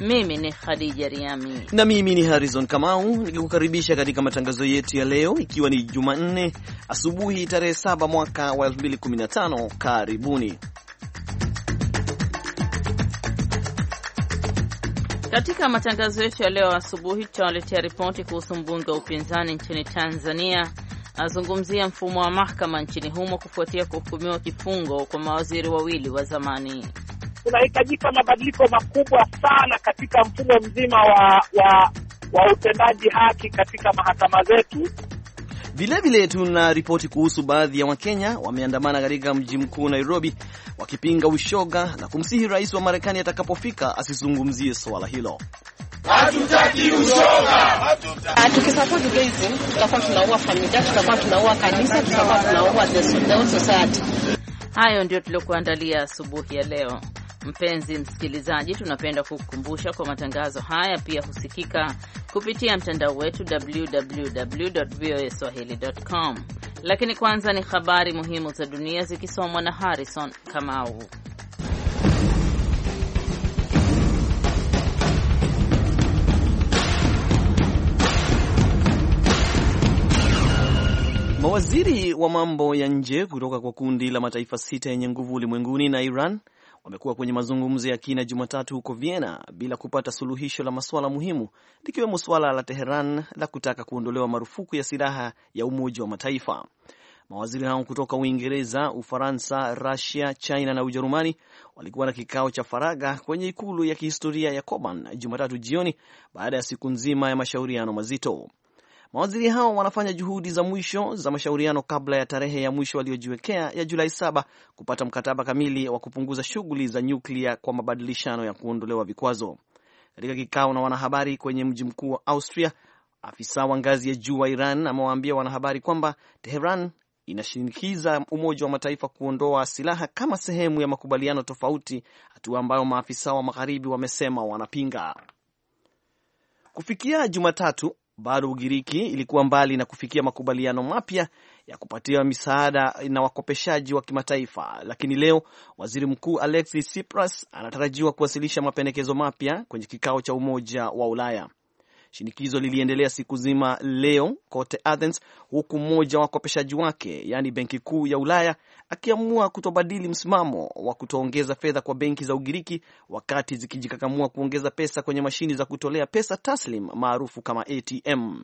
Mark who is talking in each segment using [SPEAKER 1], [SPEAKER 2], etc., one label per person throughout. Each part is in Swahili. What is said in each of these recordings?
[SPEAKER 1] Mimi ni Khadija Riami
[SPEAKER 2] na mimi ni Harrison Kamau nikikukaribisha katika matangazo yetu ya leo, ikiwa ni Jumanne asubuhi tarehe 7 mwaka wa 2015. Karibuni
[SPEAKER 1] katika matangazo yetu ya leo asubuhi. Tutawaletea ripoti kuhusu mbunge wa upinzani nchini Tanzania azungumzia mfumo wa mahakama nchini humo kufuatia kuhukumiwa kifungo kwa mawaziri wawili wa zamani kunahitajika mabadiliko makubwa sana katika mfumo mzima
[SPEAKER 3] wa, wa, wa utendaji haki katika mahakama zetu.
[SPEAKER 2] Vilevile tuna ripoti kuhusu baadhi ya Wakenya wameandamana katika mji mkuu Nairobi wakipinga ushoga na kumsihi rais wa Marekani atakapofika asizungumzie swala hilo. Hatutaki ushoga.
[SPEAKER 1] Ah, Tukisapoti tutakuwa tunaua familia, tutakuwa tunaua kanisa, tutakuwa tunaua the society. Hayo ndio tuliokuandalia asubuhi ya leo. Mpenzi msikilizaji, tunapenda kukukumbusha kwa matangazo haya pia husikika kupitia mtandao wetu www voa swahili.com. Lakini kwanza ni habari muhimu za dunia zikisomwa na Harrison Kamau.
[SPEAKER 2] Mawaziri wa mambo ya nje kutoka kwa kundi la mataifa sita yenye nguvu ulimwenguni na Iran wamekuwa kwenye mazungumzo ya kina Jumatatu huko Vienna bila kupata suluhisho la masuala muhimu likiwemo suala la Teheran la kutaka kuondolewa marufuku ya silaha ya Umoja wa Mataifa. Mawaziri hao kutoka Uingereza, Ufaransa, Rusia, China na Ujerumani walikuwa na kikao cha faragha kwenye ikulu ya kihistoria ya coban Jumatatu jioni baada ya siku nzima ya mashauriano mazito. Mawaziri hao wanafanya juhudi za mwisho za mashauriano kabla ya tarehe ya mwisho waliojiwekea ya Julai saba kupata mkataba kamili wa kupunguza shughuli za nyuklia kwa mabadilishano ya kuondolewa vikwazo. Katika kikao na wanahabari kwenye mji mkuu wa Austria, afisa wa ngazi ya juu wa Iran amewaambia wanahabari kwamba Teheran inashinikiza Umoja wa Mataifa kuondoa silaha kama sehemu ya makubaliano tofauti, hatua ambayo maafisa wa magharibi wamesema wanapinga. Kufikia Jumatatu, bado Ugiriki ilikuwa mbali na kufikia makubaliano mapya ya kupatiwa misaada na wakopeshaji wa kimataifa, lakini leo waziri mkuu Alexis Tsipras anatarajiwa kuwasilisha mapendekezo mapya kwenye kikao cha Umoja wa Ulaya. Shinikizo liliendelea siku zima leo kote Athens, huku mmoja wa wakopeshaji wake, yaani benki kuu ya Ulaya, akiamua kutobadili msimamo wa kutoongeza fedha kwa benki za Ugiriki wakati zikijikakamua kuongeza pesa kwenye mashini za kutolea pesa taslim maarufu kama ATM.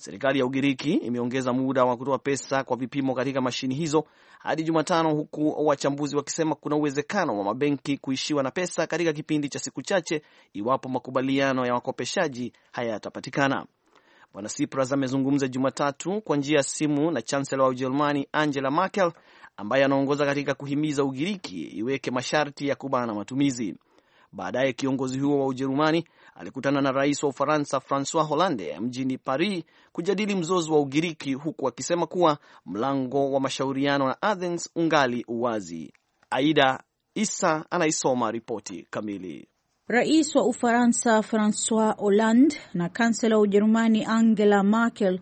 [SPEAKER 2] Serikali ya Ugiriki imeongeza muda wa kutoa pesa kwa vipimo katika mashini hizo hadi Jumatano, huku wachambuzi wakisema kuna uwezekano wa mabenki kuishiwa na pesa katika kipindi cha siku chache iwapo makubaliano ya wakopeshaji hayatapatikana. Bwana sipras amezungumza Jumatatu kwa njia ya simu na chansela wa Ujerumani Angela Merkel ambaye anaongoza katika kuhimiza Ugiriki iweke masharti ya kubana matumizi. Baadaye kiongozi huo wa Ujerumani alikutana na rais wa Ufaransa Francois Hollande mjini Paris kujadili mzozo wa Ugiriki, huku akisema kuwa mlango wa mashauriano na Athens ungali uwazi. Aida Isa anaisoma ripoti kamili.
[SPEAKER 4] Rais wa Ufaransa Francois Hollande na kansela wa Ujerumani Angela Merkel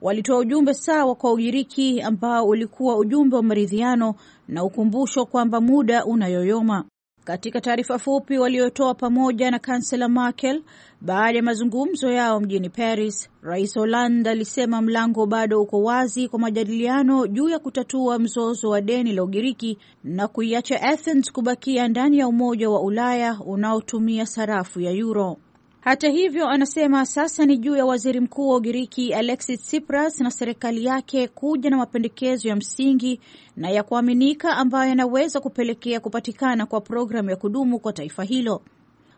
[SPEAKER 4] walitoa ujumbe sawa kwa Ugiriki ambao ulikuwa ujumbe wa maridhiano na ukumbusho kwamba muda unayoyoma katika taarifa fupi waliotoa pamoja na kansela Merkel baada ya mazungumzo yao mjini Paris, Rais Hollande alisema mlango bado uko wazi kwa majadiliano juu ya kutatua mzozo wa deni la Ugiriki na kuiacha Athens kubakia ndani ya Umoja wa Ulaya unaotumia sarafu ya euro. Hata hivyo, anasema sasa ni juu ya waziri mkuu wa Ugiriki Alexis Tsipras na serikali yake kuja na mapendekezo ya msingi na ya kuaminika ambayo yanaweza kupelekea kupatikana kwa programu ya kudumu kwa taifa hilo.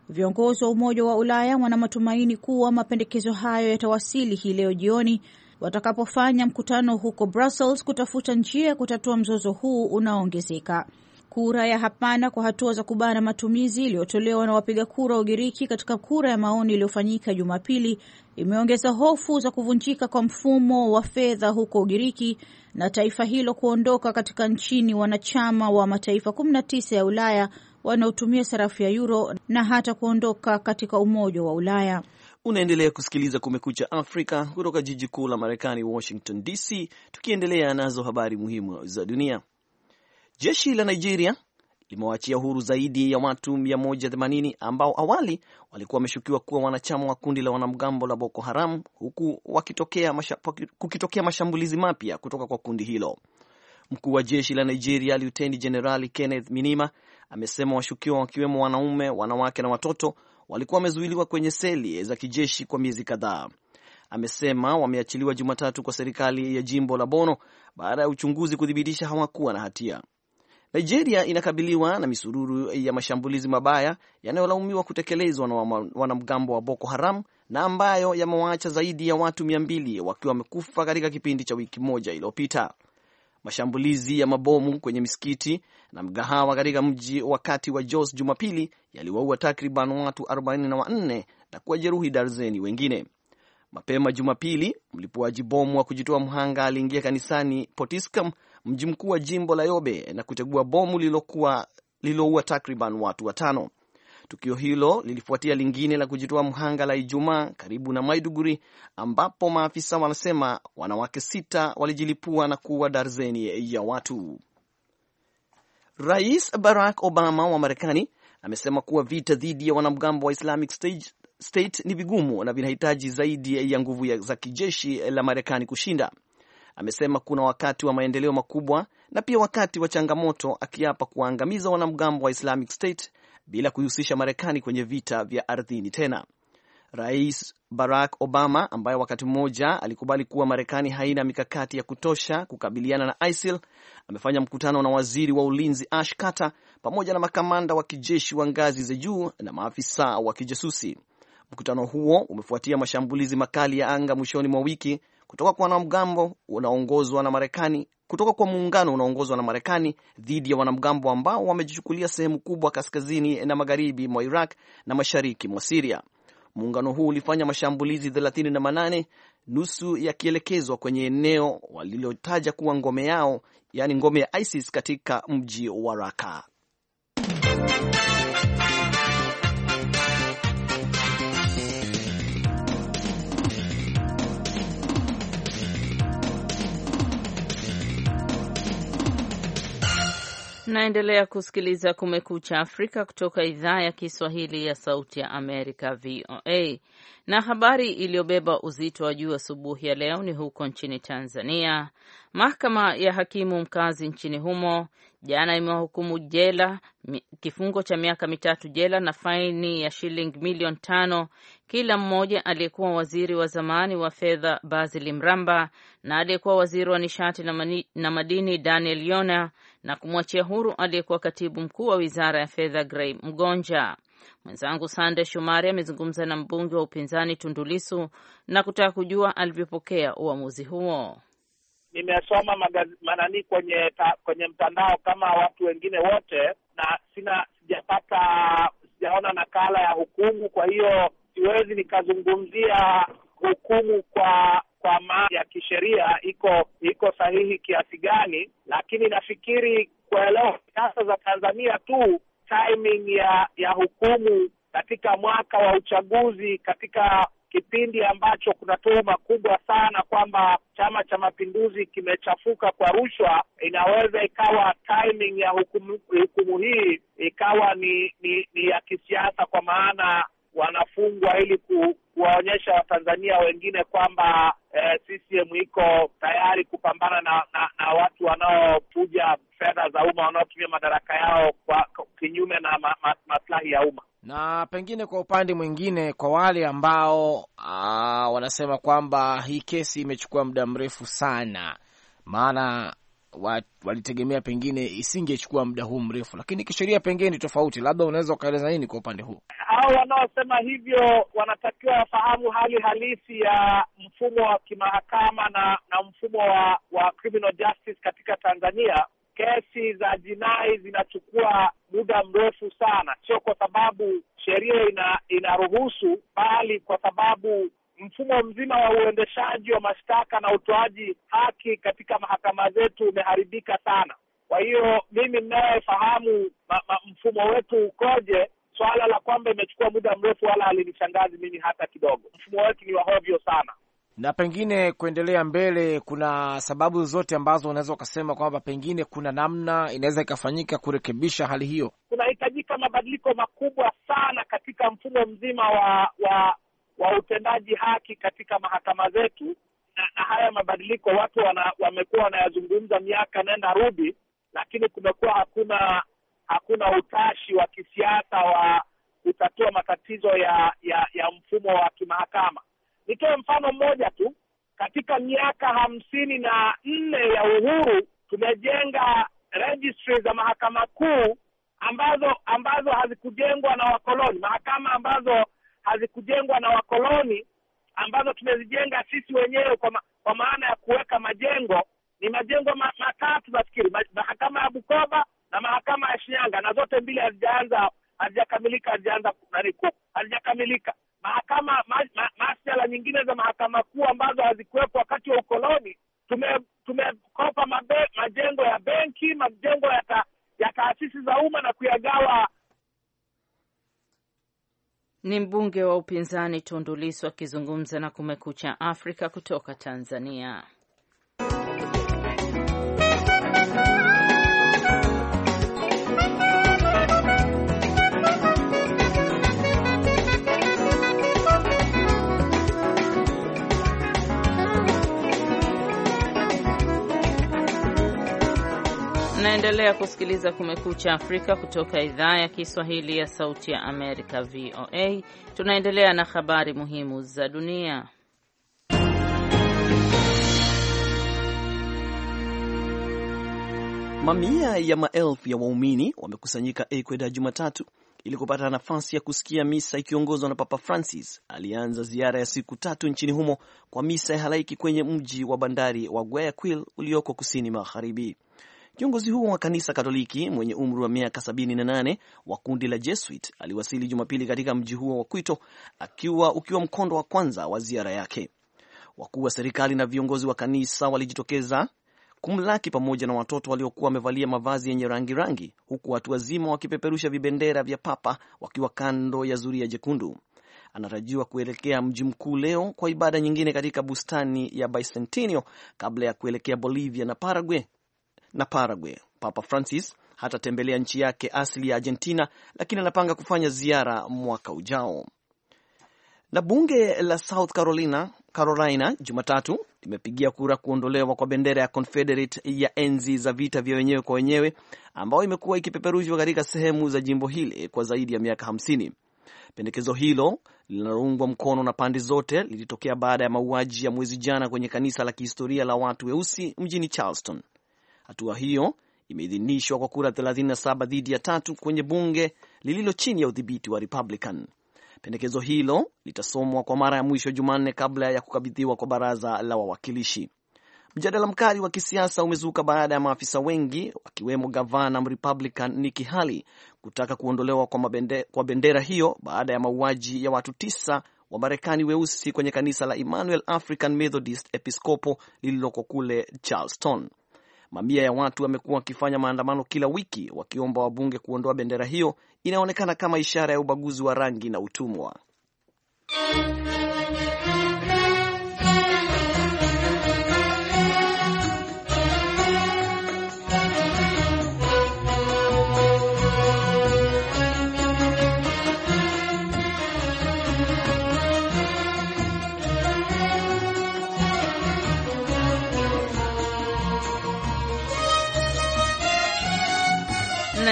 [SPEAKER 4] Viongozi wa Umoja wa Ulaya wana matumaini kuwa mapendekezo hayo yatawasili hii leo jioni watakapofanya mkutano huko Brussels kutafuta njia ya kutatua mzozo huu unaoongezeka. Kura ya hapana kwa hatua za kubana matumizi iliyotolewa na wapiga kura wa Ugiriki katika kura ya maoni iliyofanyika Jumapili imeongeza hofu za kuvunjika kwa mfumo wa fedha huko Ugiriki na taifa hilo kuondoka katika nchini wanachama wa mataifa 19 ya Ulaya wanaotumia sarafu ya euro na hata kuondoka katika Umoja wa Ulaya.
[SPEAKER 2] Unaendelea kusikiliza Kumekucha Afrika kutoka jiji kuu la Marekani, Washington DC, tukiendelea nazo habari muhimu za dunia. Jeshi la Nigeria limewaachia huru zaidi ya watu 180 ambao awali walikuwa wameshukiwa kuwa wanachama wa kundi la wanamgambo la Boko Haram huku wakitokea masha, kukitokea mashambulizi mapya kutoka kwa kundi hilo. Mkuu wa jeshi la Nigeria Luteni Jenerali Kenneth Minima amesema washukiwa wakiwemo wanaume, wanawake na watoto walikuwa wamezuiliwa kwenye seli za kijeshi kwa miezi kadhaa. Amesema wameachiliwa Jumatatu kwa serikali ya jimbo la Bono baada ya uchunguzi kuthibitisha hawakuwa na hatia. Nigeria inakabiliwa na misururu ya mashambulizi mabaya yanayolaumiwa kutekelezwa na wanamgambo wa Boko Haram na ambayo yamewaacha zaidi ya watu mia mbili wakiwa wamekufa katika kipindi cha wiki moja iliyopita. Mashambulizi ya mabomu kwenye misikiti na mgahawa katika mji wa kati wa Jos Jumapili yaliwaua takriban watu 44 na kuwajeruhi darzeni wengine. Mapema Jumapili, mlipuaji bomu wa kujitoa mhanga aliingia kanisani Potiskum mji mkuu wa jimbo la Yobe na kutegua bomu lililokuwa lililoua takriban watu watano. Tukio hilo lilifuatia lingine la kujitoa mhanga la Ijumaa karibu na Maiduguri, ambapo maafisa wanasema wanawake sita walijilipua na kuua darzeni ya watu. Rais Barack Obama wa Marekani amesema kuwa vita dhidi ya wanamgambo wa Islamic State, State ni vigumu na vinahitaji zaidi ya nguvu za kijeshi la Marekani kushinda. Amesema kuna wakati wa maendeleo makubwa na pia wakati wa changamoto, akiapa kuwaangamiza wanamgambo wa Islamic State bila kuihusisha Marekani kwenye vita vya ardhini tena. Rais Barack Obama ambaye wakati mmoja alikubali kuwa Marekani haina mikakati ya kutosha kukabiliana na ISIL amefanya mkutano na waziri wa ulinzi Ash Carter pamoja na makamanda wa kijeshi wa ngazi za juu na maafisa wa kijasusi. Mkutano huo umefuatia mashambulizi makali ya anga mwishoni mwa wiki kutoka kwa wanamgambo unaongozwa na Marekani kutoka kwa muungano unaongozwa na Marekani dhidi ya wanamgambo ambao wamejichukulia sehemu kubwa kaskazini na magharibi mwa Iraq na mashariki mwa Siria. Muungano huu ulifanya mashambulizi 38 nusu yakielekezwa kwenye eneo walilotaja kuwa ngome yao, yaani ngome ya ISIS katika mji wa Raka.
[SPEAKER 1] Mnaendelea kusikiliza Kumekucha Afrika kutoka idhaa ya Kiswahili ya Sauti ya Amerika, VOA. Na habari iliyobeba uzito wa juu asubuhi ya leo ni huko nchini Tanzania. Mahakama ya hakimu mkazi nchini humo jana imewahukumu jela kifungo cha miaka mitatu jela na faini ya shilingi milioni tano kila mmoja aliyekuwa waziri wa zamani wa fedha Basil Mramba na aliyekuwa waziri wa nishati na madini Daniel Yona na kumwachia huru aliyekuwa katibu mkuu wa wizara ya fedha Gray Mgonja. Mwenzangu Sande Shomari amezungumza na mbunge wa upinzani Tundulisu na kutaka kujua alivyopokea uamuzi huo nimesoma
[SPEAKER 3] manani kwenye ta, kwenye mtandao kama watu wengine wote, na sina sijapata sijaona nakala ya hukumu, kwa hiyo siwezi nikazungumzia hukumu kwa kwa ma ya kisheria iko iko sahihi kiasi gani, lakini nafikiri kuelewa siasa za Tanzania tu timing ya ya hukumu katika mwaka wa uchaguzi katika kipindi ambacho kuna tuhuma kubwa sana kwamba Chama cha Mapinduzi kimechafuka kwa rushwa, inaweza ikawa timing ya hukumu, hukumu hii ikawa ni, ni, ni ya kisiasa, kwa maana wanafungwa ili ku, kuwaonyesha Watanzania wengine kwamba eh, CCM iko tayari kupambana na, na, na watu wanaochuja fedha za umma wanaotumia madaraka yao kwa kinyume na ma, ma, maslahi ya umma.
[SPEAKER 5] Na pengine kwa upande mwingine, kwa wale ambao aa, ah, wanasema kwamba hii kesi imechukua muda mrefu sana, maana walitegemea pengine isingechukua muda huu mrefu, lakini kisheria pengine ni tofauti. Labda unaweza ukaeleza nini kwa upande huu?
[SPEAKER 3] Hao wanaosema hivyo wanatakiwa wafahamu hali halisi ya mfumo wa kimahakama na, na mfumo wa, wa criminal justice katika Tanzania kesi za jinai zinachukua muda mrefu sana, sio kwa sababu sheria ina inaruhusu, bali kwa sababu mfumo mzima wa uendeshaji wa mashtaka na utoaji haki katika mahakama zetu umeharibika sana. Kwa hiyo mimi ninayefahamu mfumo wetu ukoje, swala la kwamba imechukua muda mrefu wala halinishangazi mimi hata kidogo. Mfumo wetu ni wahovyo sana
[SPEAKER 5] na pengine kuendelea mbele, kuna sababu zote ambazo unaweza ukasema kwamba pengine kuna namna inaweza ikafanyika kurekebisha hali hiyo.
[SPEAKER 3] Kunahitajika mabadiliko makubwa sana katika mfumo mzima wa, wa wa utendaji haki katika mahakama zetu, na, na haya mabadiliko watu wana, wamekuwa wanayazungumza miaka nenda rudi, lakini kumekuwa hakuna hakuna utashi wa kisiasa wa kutatua matatizo ya, ya, ya mfumo wa kimahakama Nitoe mfano mmoja tu, katika miaka hamsini na nne ya uhuru tumejenga registry za mahakama kuu ambazo ambazo hazikujengwa na wakoloni, mahakama ambazo hazikujengwa na wakoloni, ambazo tumezijenga sisi wenyewe kwa, ma, kwa maana ya kuweka majengo. Ni majengo matatu nafikiri, mahakama ya Bukoba na mahakama ya Shinyanga, na zote mbili hazijaanza hazijakamilika hazijaanza hazijakamilika mahakama ma, ma, nyingine za mahakama kuu ambazo hazikuwepo wakati wa ukoloni. Tumekopa tume majengo ya benki, majengo ya, ta, ya taasisi za umma na kuyagawa.
[SPEAKER 1] Ni mbunge wa upinzani Tundu Lissu akizungumza na Kumekucha Afrika kutoka Tanzania. Unaendelea kusikiliza Kumekucha Afrika kutoka idhaa ya Kiswahili ya Sauti ya Amerika, VOA. Tunaendelea na habari muhimu za dunia.
[SPEAKER 2] Mamia ya maelfu ya waumini wamekusanyika Ecuador Jumatatu ili kupata nafasi ya kusikia misa ikiongozwa na Papa Francis aliyeanza ziara ya siku tatu nchini humo kwa misa ya halaiki kwenye mji wa bandari wa Guayaquil ulioko kusini magharibi. Kiongozi huo wa kanisa Katoliki mwenye umri wa miaka 78 wa kundi la Jesuit aliwasili Jumapili katika mji huo wa Kwito akiwa ukiwa mkondo wa kwanza wa ziara yake. Wakuu wa serikali na viongozi wa kanisa walijitokeza kumlaki pamoja na watoto waliokuwa wamevalia mavazi yenye rangi rangi, huku watu wazima wakipeperusha vibendera vya papa wakiwa kando ya zuria jekundu. Anatarajiwa kuelekea mji mkuu leo kwa ibada nyingine katika bustani ya Bicentennial kabla ya kuelekea Bolivia na Paraguay na Paraguay. Papa Francis hatatembelea nchi yake asili ya Argentina, lakini anapanga kufanya ziara mwaka ujao. Na bunge la South Carolina, Carolina Jumatatu limepigia kura kuondolewa kwa bendera ya Confederate ya enzi za vita vya wenyewe kwa wenyewe ambayo imekuwa ikipeperushwa katika sehemu za jimbo hili kwa zaidi ya miaka hamsini. Pendekezo hilo linaloungwa mkono na pande zote lilitokea baada ya mauaji ya mwezi jana kwenye kanisa la kihistoria la watu weusi mjini Charleston. Hatua hiyo imeidhinishwa kwa kura 37 dhidi ya tatu kwenye bunge lililo chini ya udhibiti wa Republican. Pendekezo hilo litasomwa kwa mara ya mwisho Jumanne kabla ya kukabidhiwa kwa baraza la wawakilishi. Mjadala mkali wa kisiasa umezuka baada ya maafisa wengi wakiwemo gavana Mrepublican Nikki Haley kutaka kuondolewa kwa, mabende, kwa bendera hiyo baada ya mauaji ya watu tisa wa Marekani weusi kwenye kanisa la Emmanuel African Methodist Episcopal lililoko kule Charleston. Mamia ya watu wamekuwa wakifanya maandamano kila wiki wakiomba wabunge kuondoa bendera hiyo inaonekana kama ishara ya ubaguzi wa rangi na utumwa.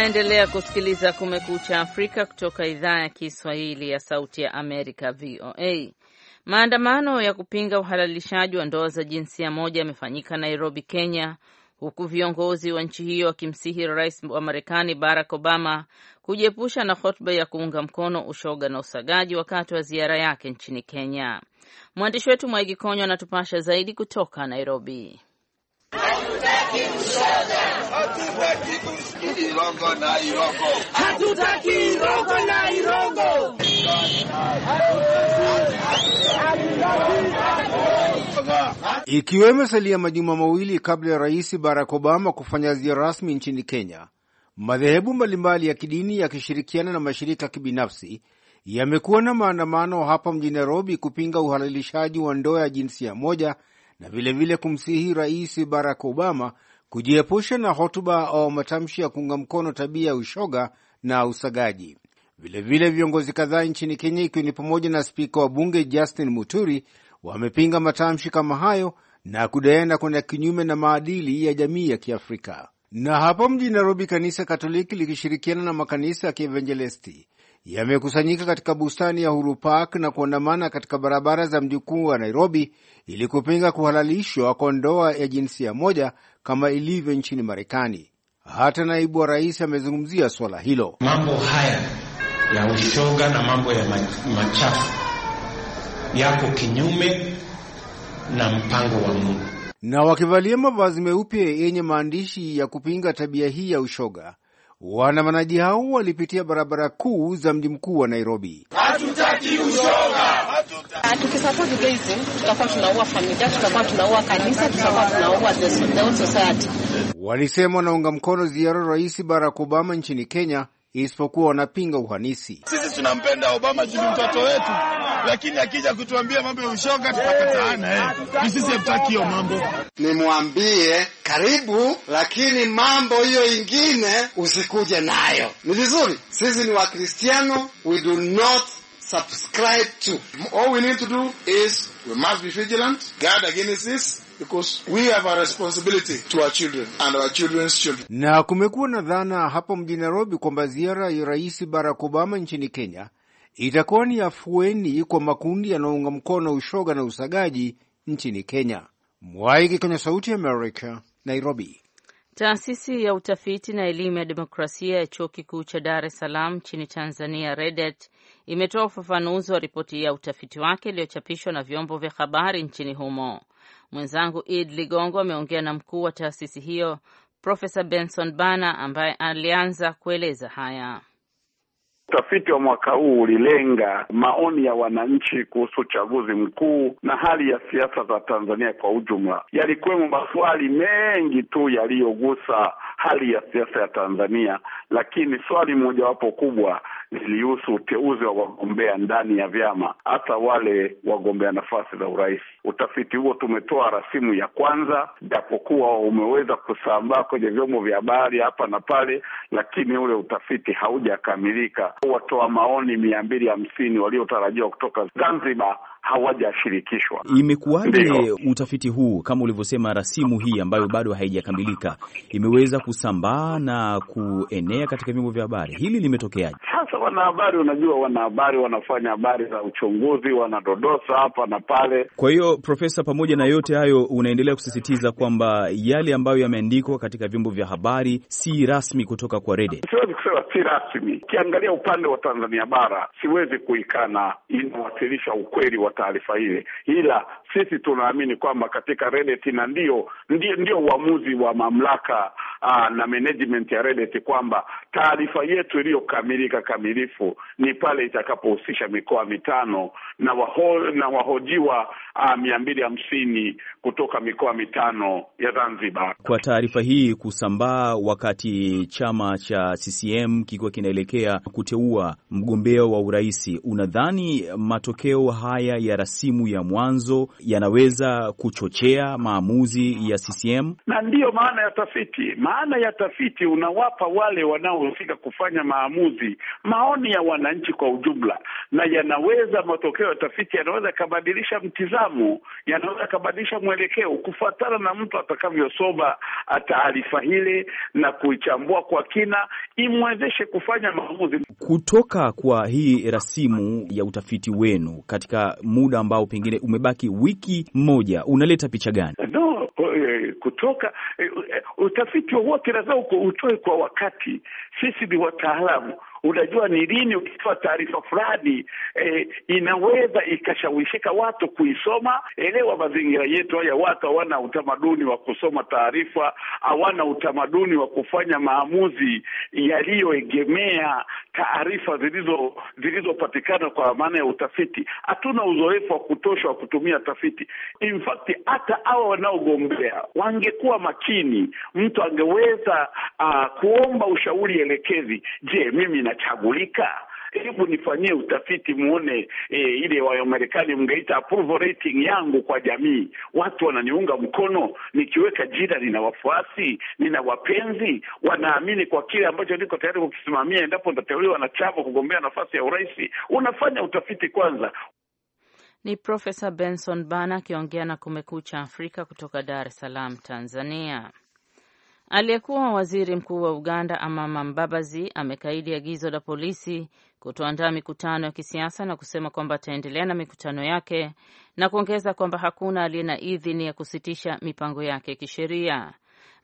[SPEAKER 1] Unaendelea kusikiliza Kumekucha Afrika kutoka idhaa ya Kiswahili ya Sauti ya Amerika, VOA. Maandamano ya kupinga uhalalishaji wa ndoa za jinsia moja yamefanyika Nairobi, Kenya, huku viongozi wa nchi hiyo wakimsihi rais wa Marekani Barack Obama kujiepusha na hotuba ya kuunga mkono ushoga na usagaji wakati wa ziara yake nchini Kenya. Mwandishi wetu Mwaigi konywa anatupasha zaidi kutoka Nairobi.
[SPEAKER 6] Hatutaki ushoga ikiwa kusikia na
[SPEAKER 7] Hatutaki na majuma mawili kabla ya Rais Barack Obama kufanya ziara rasmi nchini Kenya, madhehebu mbalimbali ya kidini yakishirikiana na mashirika ya kibinafsi yamekuwa na maandamano hapa mjini Nairobi kupinga uhalalishaji wa ndoa ya jinsia moja na vilevile kumsihi Rais Barack Obama kujiepusha na hotuba au matamshi ya kuunga mkono tabia ya ushoga na usagaji. Vilevile, viongozi kadhaa nchini Kenya, ikiwa ni pamoja na spika wa bunge Justin Muturi, wamepinga matamshi kama hayo na kudaenda kwenda kinyume na maadili ya jamii ya Kiafrika. Na hapo mjini Nairobi, kanisa Katoliki likishirikiana na makanisa ya Kievangelisti yamekusanyika katika bustani ya Uhuru Park na kuandamana katika barabara za mji mkuu wa Nairobi ili kupinga kuhalalishwa kwa ndoa ya jinsia moja kama ilivyo nchini Marekani. Hata naibu wa rais amezungumzia suala hilo. Mambo haya
[SPEAKER 5] ya ushoga na mambo ya machafu yako kinyume
[SPEAKER 7] na mpango wa Mungu. Na wakivalia mavazi meupe yenye maandishi ya kupinga tabia hii ya ushoga Waandamanaji hao walipitia barabara kuu za mji mkuu wa Nairobi. Hatutaki ushoga,
[SPEAKER 2] tukisapoti gezi tutakuwa tunaua familia, tutakuwa tunaua kanisa, tutakuwa tunaua the society.
[SPEAKER 7] Walisema wanaunga mkono ziara Rais Barack Obama nchini Kenya isipokuwa wanapinga uhanisi. Sisi tunampenda Obama juu ni mtoto wetu, lakini akija kutuambia mambo ya ushoga tutakataana. Eh, sisi hatutaki hiyo mambo. Nimwambie karibu, lakini mambo hiyo ingine usikuje nayo. Ni vizuri, sisi ni Wakristiano, we do not subscribe to. All we need to do is we must be vigilant, guard against this because we have a responsibility to our children and our children's children. Na kumekuwa na dhana hapo mjini Nairobi kwamba ziara ya Rais Barack Obama nchini Kenya itakuwa ni afueni kwa makundi yanaounga mkono ushoga na usagaji nchini Kenya. Mwaiki kwenye Sauti ya Nairobi.
[SPEAKER 1] Taasisi ya utafiti na elimu ya demokrasia ya chuo kikuu cha Dar es Salaam nchini Tanzania, REDET, imetoa ufafanuzi wa ripoti ya utafiti wake iliyochapishwa na vyombo vya habari nchini humo. Mwenzangu ed Ligongo ameongea na mkuu wa taasisi hiyo Profesa Benson Bana ambaye alianza kueleza haya.
[SPEAKER 8] Utafiti wa mwaka huu ulilenga maoni ya wananchi kuhusu uchaguzi mkuu na hali ya siasa za Tanzania kwa ujumla. Yalikuwemo maswali mengi tu yaliyogusa hali ya siasa ya Tanzania, lakini swali mojawapo kubwa lilihusu uteuzi wa wagombea ndani ya vyama, hasa wale wagombea nafasi za urais. Utafiti huo tumetoa rasimu ya kwanza, japokuwa umeweza kusambaa kwenye vyombo vya habari hapa na pale, lakini ule utafiti haujakamilika watoa maoni mia mbili hamsini waliotarajiwa kutoka Zanzibar hawajashirikishwa. Imekuwaje
[SPEAKER 5] utafiti huu, kama ulivyosema, rasimu hii ambayo bado haijakamilika imeweza kusambaa na kuenea katika vyombo vya habari? Hili limetokeaje?
[SPEAKER 8] Sasa wanahabari, unajua wanahabari wanafanya habari za uchunguzi, wanadodosa hapa na pale.
[SPEAKER 5] Kwa hiyo, Profesa, pamoja na yote hayo, unaendelea kusisitiza kwamba yale ambayo yameandikwa katika vyombo vya habari si rasmi kutoka kwa Rede.
[SPEAKER 8] Siwezi kusema si rasmi, ukiangalia upande wa Tanzania Bara siwezi kuikana, inawakilisha ukweli wa wa taarifa ile, ila sisi tunaamini kwamba katika redet na ndio ndio, ndio uamuzi wa mamlaka aa, ah, na management ya redet kwamba taarifa yetu iliyokamilika kamilifu ni pale itakapohusisha mikoa mitano na waho, na wahojiwa ah, mia mbili hamsini kutoka mikoa mitano ya Zanzibar.
[SPEAKER 5] Kwa taarifa hii kusambaa wakati chama cha CCM kikiwa kinaelekea kuteua mgombea wa urais, unadhani matokeo haya ya rasimu ya mwanzo yanaweza kuchochea maamuzi ya CCM,
[SPEAKER 8] na ndiyo maana ya tafiti. Maana ya tafiti, unawapa wale wanaohusika kufanya maamuzi maoni ya wananchi kwa ujumla, na yanaweza matokeo ya tafiti yanaweza yakabadilisha mtizamo, yanaweza yakabadilisha mwelekeo kufuatana na mtu atakavyosoma taarifa hile na kuichambua kwa kina, imwezeshe kufanya maamuzi.
[SPEAKER 5] Kutoka kwa hii rasimu ya utafiti wenu katika muda ambao pengine umebaki wiki moja unaleta picha gani?
[SPEAKER 8] No, eh, kutoka eh, utafiti wowote lazima utoe kwa wakati. Sisi ni wataalamu Unajua ni lini ukitoa taarifa fulani e, inaweza ikashawishika watu kuisoma. Elewa mazingira yetu haya, watu hawana utamaduni wa kusoma taarifa, hawana utamaduni wa kufanya maamuzi yaliyoegemea taarifa zilizo zilizopatikana kwa maana ya utafiti. Hatuna uzoefu wa kutosha wa kutumia tafiti. In fact hata hawa wanaogombea wangekuwa makini, mtu angeweza uh, kuomba ushauri elekezi. Je, mimi inachagulika? Hebu nifanyie utafiti muone, e, ile Wamarekani mngeita approval rating yangu kwa jamii. Watu wananiunga mkono, nikiweka jina nina wafuasi, nina wapenzi, wanaamini kwa kile ambacho niko tayari kukisimamia endapo nitateuliwa na chama kugombea nafasi ya urais. Unafanya utafiti kwanza.
[SPEAKER 1] Ni Profesa Benson Bana akiongea na Kumekucha Afrika kutoka Dar es Salaam, Tanzania. Aliyekuwa waziri mkuu wa Uganda Amama Mbabazi amekaidi agizo la polisi kutoandaa mikutano ya kisiasa na kusema kwamba ataendelea na mikutano yake na kuongeza kwamba hakuna aliye na idhini ya kusitisha mipango yake kisheria.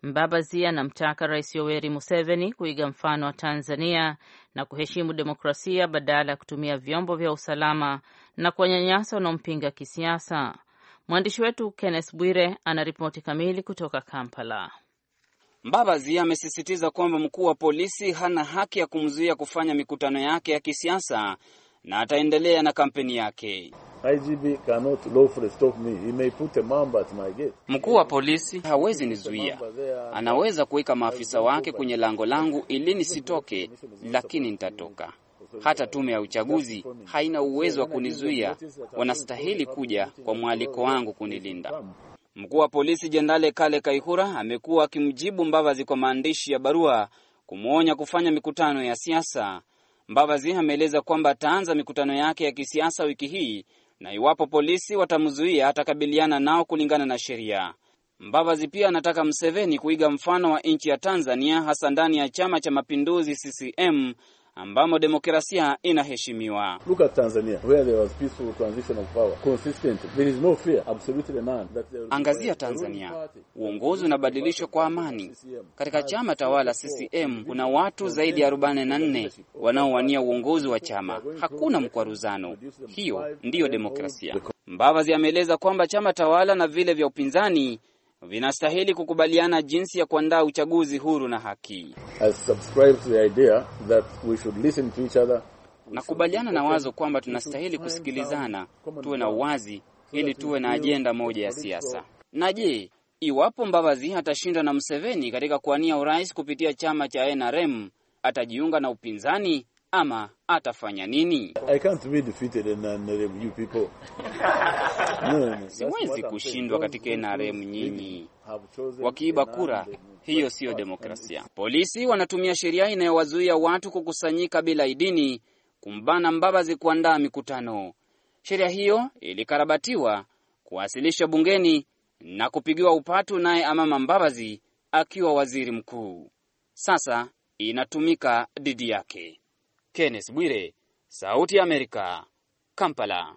[SPEAKER 1] Mbabazi anamtaka Rais Yoweri Museveni kuiga mfano wa Tanzania na kuheshimu demokrasia badala ya kutumia vyombo vya usalama na kuwanyanyasa wanaompinga kisiasa. Mwandishi wetu Kenneth Bwire ana ripoti kamili kutoka Kampala.
[SPEAKER 6] Mbabazi amesisitiza kwamba mkuu wa polisi hana haki ya kumzuia kufanya mikutano yake ya kisiasa na ataendelea na kampeni yake. Mkuu wa polisi hawezi nizuia, anaweza kuweka maafisa wake kwenye lango langu ili nisitoke, lakini nitatoka. Hata tume ya uchaguzi haina uwezo wa kunizuia, wanastahili kuja kwa mwaliko wangu kunilinda. Mkuu wa polisi Jenerali Kale Kaihura amekuwa akimjibu Mbavazi kwa maandishi ya barua kumwonya kufanya mikutano ya siasa. Mbavazi ameeleza kwamba ataanza mikutano yake ya kisiasa wiki hii na iwapo polisi watamzuia atakabiliana nao kulingana na sheria. Mbavazi pia anataka Mseveni kuiga mfano wa nchi ya Tanzania, hasa ndani ya Chama cha Mapinduzi CCM ambamo demokrasia inaheshimiwa.
[SPEAKER 7] Tanzania where there was peaceful transition of power
[SPEAKER 8] There is no fear absolutely none that there...
[SPEAKER 6] Angazia Tanzania, uongozi unabadilishwa kwa amani. Katika chama tawala CCM kuna watu zaidi ya 44 wanaowania uongozi wa chama, hakuna mkwaruzano. Hiyo ndiyo demokrasia. Mbavazi ameeleza kwamba chama tawala na vile vya upinzani vinastahili kukubaliana jinsi ya kuandaa uchaguzi huru na haki. Nakubaliana na wazo kwamba tunastahili kusikilizana, tuwe na uwazi ili tuwe na ajenda moja ya siasa. Na je, iwapo Mbabazi atashinda na mseveni katika kuwania urais kupitia chama cha NRM, atajiunga na upinzani ama atafanya nini?
[SPEAKER 8] I can't be defeated in uh, NRM, you people.
[SPEAKER 6] No, no, siwezi kushindwa katika NRM nyinyi wakiiba kura, hiyo siyo demokrasia. Polisi wanatumia sheria inayowazuia watu kukusanyika bila idini kumbana Mbabazi kuandaa mikutano. Sheria hiyo ilikarabatiwa kuwasilisha bungeni na kupigiwa upatu naye Amama Mbabazi akiwa waziri mkuu. Sasa inatumika dhidi yake. Kenneth Bwire, Sauti ya Amerika, Kampala.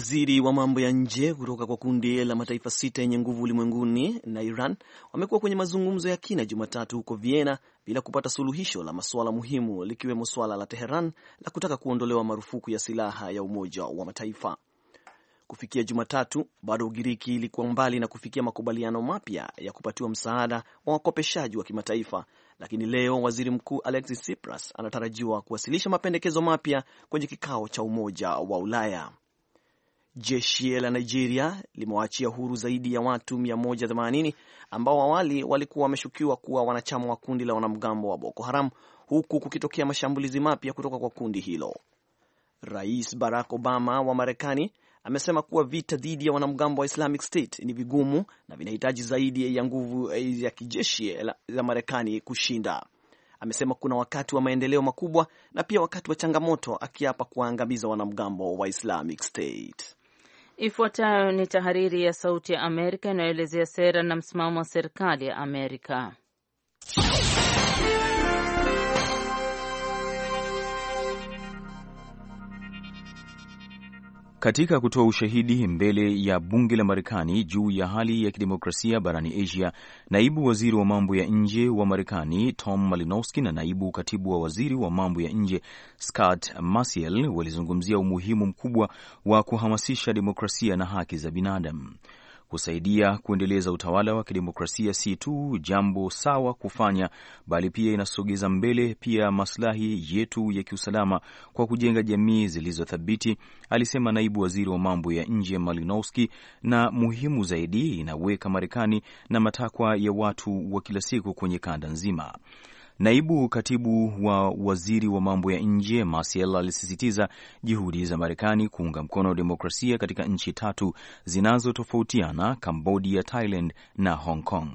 [SPEAKER 2] Mawaziri wa mambo ya nje kutoka kwa kundi la mataifa sita yenye nguvu ulimwenguni na Iran wamekuwa kwenye mazungumzo ya kina Jumatatu huko Vienna bila kupata suluhisho la masuala muhimu likiwemo suala la Teheran la kutaka kuondolewa marufuku ya silaha ya Umoja wa Mataifa. Kufikia Jumatatu, bado Ugiriki ilikuwa mbali na kufikia makubaliano mapya ya kupatiwa msaada wa wakopeshaji wa kimataifa, lakini leo waziri mkuu Alexis Tsipras anatarajiwa kuwasilisha mapendekezo mapya kwenye kikao cha Umoja wa Ulaya. Jeshi la Nigeria limewaachia huru zaidi ya watu 180 ambao awali walikuwa wameshukiwa kuwa wanachama wa kundi la wanamgambo wa Boko Haram, huku kukitokea mashambulizi mapya kutoka kwa kundi hilo. Rais Barack Obama wa Marekani amesema kuwa vita dhidi ya wanamgambo wa Islamic State ni vigumu na vinahitaji zaidi ya nguvu ya kijeshi za Marekani kushinda. Amesema kuna wakati wa maendeleo makubwa na pia wakati wa changamoto, akiapa kuwaangamiza wanamgambo wa Islamic State.
[SPEAKER 1] Ifuatayo ni tahariri ya Sauti ya Amerika inayoelezea sera na msimamo wa serikali ya Amerika.
[SPEAKER 5] katika kutoa ushahidi mbele ya bunge la Marekani juu ya hali ya kidemokrasia barani Asia, naibu waziri wa mambo ya nje wa Marekani Tom Malinowski na naibu katibu wa waziri wa mambo ya nje Scott Marciel walizungumzia umuhimu mkubwa wa kuhamasisha demokrasia na haki za binadamu. Kusaidia kuendeleza utawala wa kidemokrasia si tu jambo sawa kufanya, bali pia inasogeza mbele pia maslahi yetu ya kiusalama kwa kujenga jamii zilizothabiti, alisema naibu waziri wa mambo ya nje Malinowski, na muhimu zaidi, inaweka Marekani na matakwa ya watu wa kila siku kwenye kanda nzima. Naibu katibu wa waziri wa mambo ya nje Masiel alisisitiza juhudi za Marekani kuunga mkono demokrasia katika nchi tatu zinazotofautiana, Kambodia, Thailand na Hong Kong.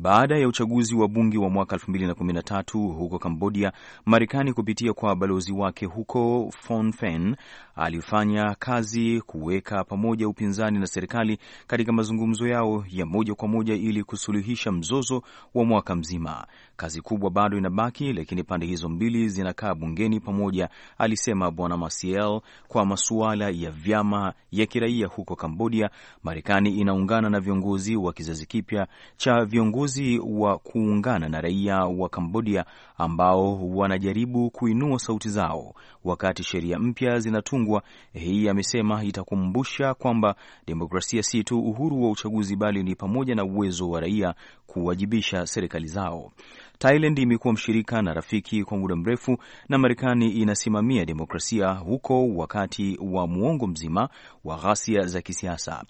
[SPEAKER 5] Baada ya uchaguzi wa bunge wa mwaka 2013 huko Kambodia, Marekani kupitia kwa balozi wake huko Phnom Penh alifanya kazi kuweka pamoja upinzani na serikali katika mazungumzo yao ya moja kwa moja ili kusuluhisha mzozo wa mwaka mzima. Kazi kubwa bado inabaki, lakini pande hizo mbili zinakaa bungeni pamoja, alisema Bwana Maciel. Kwa masuala ya vyama ya kiraia huko Cambodia, Marekani inaungana na viongozi wa kizazi kipya cha viongozi viongozi wa kuungana na raia wa Kambodia ambao wanajaribu kuinua sauti zao wakati sheria mpya zinatungwa. Hii amesema itakumbusha kwamba demokrasia si tu uhuru wa uchaguzi, bali ni pamoja na uwezo wa raia kuwajibisha serikali zao. Thailand imekuwa mshirika na rafiki kwa muda mrefu, na Marekani inasimamia demokrasia huko wakati wa muongo mzima wa ghasia za kisiasa.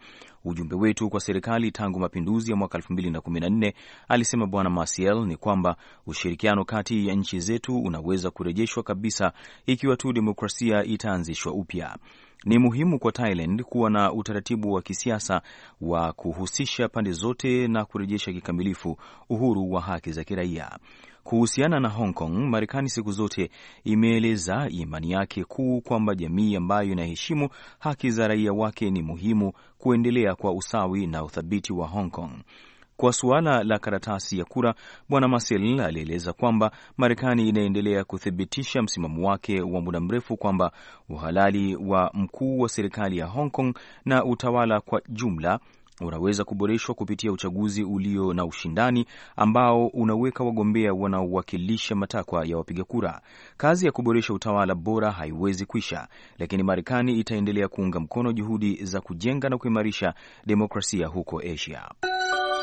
[SPEAKER 5] Ujumbe wetu kwa serikali tangu mapinduzi ya mwaka 2014, alisema Bwana marciel ni kwamba ushirikiano kati ya nchi zetu unaweza kurejeshwa kabisa ikiwa tu demokrasia itaanzishwa upya. Ni muhimu kwa Thailand kuwa na utaratibu wa kisiasa wa kuhusisha pande zote na kurejesha kikamilifu uhuru wa haki za kiraia. Kuhusiana na Hong Kong, Marekani siku zote imeeleza imani yake kuu kwamba jamii ambayo inaheshimu haki za raia wake ni muhimu kuendelea kwa usawi na uthabiti wa Hong Kong. Kwa suala la karatasi ya kura, Bwana Masel alieleza kwamba Marekani inaendelea kuthibitisha msimamo wake wa muda mrefu kwamba uhalali wa mkuu wa serikali ya Hong Kong na utawala kwa jumla unaweza kuboreshwa kupitia uchaguzi ulio na ushindani ambao unaweka wagombea wanaowakilisha matakwa ya wapiga kura. Kazi ya kuboresha utawala bora haiwezi kwisha, lakini Marekani itaendelea kuunga mkono juhudi za kujenga na kuimarisha demokrasia huko Asia.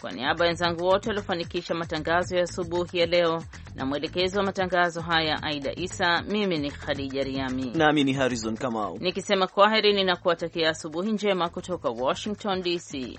[SPEAKER 1] Kwa niaba ya wenzangu wote waliofanikisha matangazo ya asubuhi ya leo na mwelekezi wa matangazo haya Aida Isa, mimi ni Khadija Riami
[SPEAKER 2] nami ni Harrison Kamau
[SPEAKER 1] nikisema kwaheri, ninakuwatakia asubuhi njema kutoka Washington DC.